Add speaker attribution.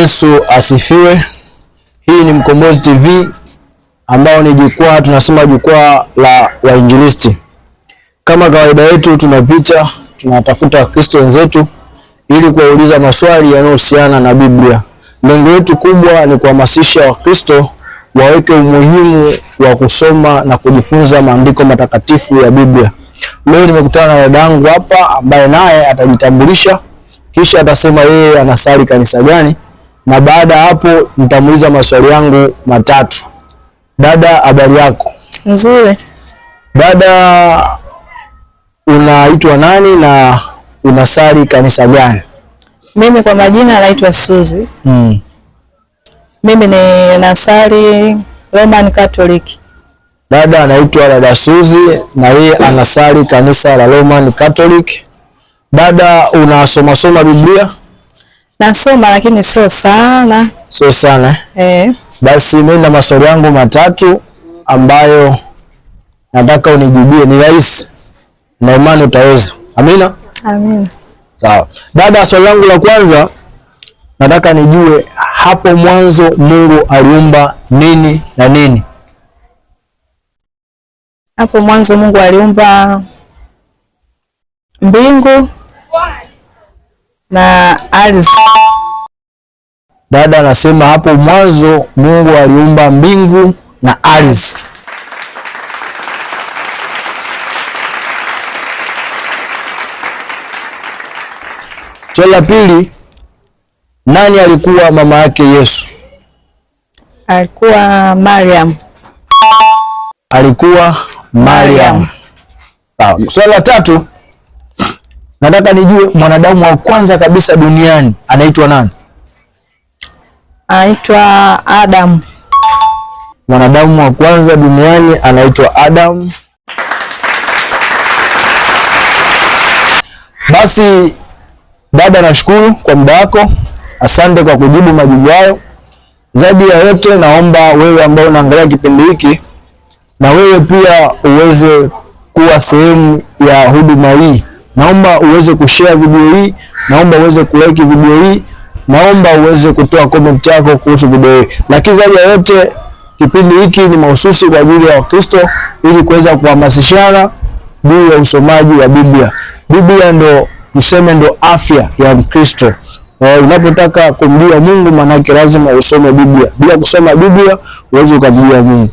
Speaker 1: Yesu asifiwe. Hii ni Mkombozi TV ambao ni jukwaa, tunasema jukwaa la wainjilisti. Kama kawaida yetu, tunapita tunatafuta Wakristo wenzetu ili kuwauliza maswali yanayohusiana na Biblia. Lengo letu kubwa ni kuhamasisha Wakristo waweke umuhimu wa kusoma na kujifunza maandiko matakatifu ya Biblia. Leo nimekutana na dadangu hapa ambaye naye atajitambulisha, kisha atasema yeye anasali kanisa gani, na baada hapo nitamuuliza maswali yangu matatu. Dada, habari yako? Nzuri. Dada, unaitwa nani na unasali kanisa gani? Mimi kwa majina naitwa Suzi. Mm. Mimi ni nasali Roman Catholic. Dada anaitwa dada Suzi na yeye anasali kanisa la Roman Catholic. Dada, unasoma soma Biblia? Nasoma lakini sio sana. Sio sana eh? eh. Basi mimi na maswali yangu matatu ambayo nataka unijibie, ni rahisi na imani utaweza. Amina, amina. Sawa dada, swali langu la kwanza nataka nijue hapo mwanzo Mungu aliumba nini na nini? Hapo mwanzo Mungu aliumba mbingu na ardhi. Dada anasema hapo mwanzo Mungu aliumba mbingu na ardhi. Swali la pili, nani alikuwa mama yake Yesu? Alikuwa Mariam. Alikuwa Mariam. Sawa. Swali la tatu nataka nijue mwanadamu wa kwanza kabisa duniani anaitwa nani? Anaitwa Adam. Mwanadamu wa kwanza duniani anaitwa Adam. Basi dada, nashukuru kwa muda wako, asante kwa kujibu majibu hayo. Zaidi ya yote, naomba wewe ambao unaangalia kipindi hiki na wewe pia uweze kuwa sehemu ya huduma hii. Naomba uweze kushare video hii, naomba uweze kulike video hii, naomba uweze kutoa comment yako kuhusu video hii. Lakini zaidi ya yote, kipindi hiki ni mahususi kwa ajili ya Wakristo ili kuweza kuhamasishana juu ya usomaji wa Biblia. Biblia ndo tuseme, ndo afya ya Mkristo. Unapotaka kumjua Mungu, maanake lazima usome Biblia. Bila kusoma Biblia huwezi ukamjua Mungu.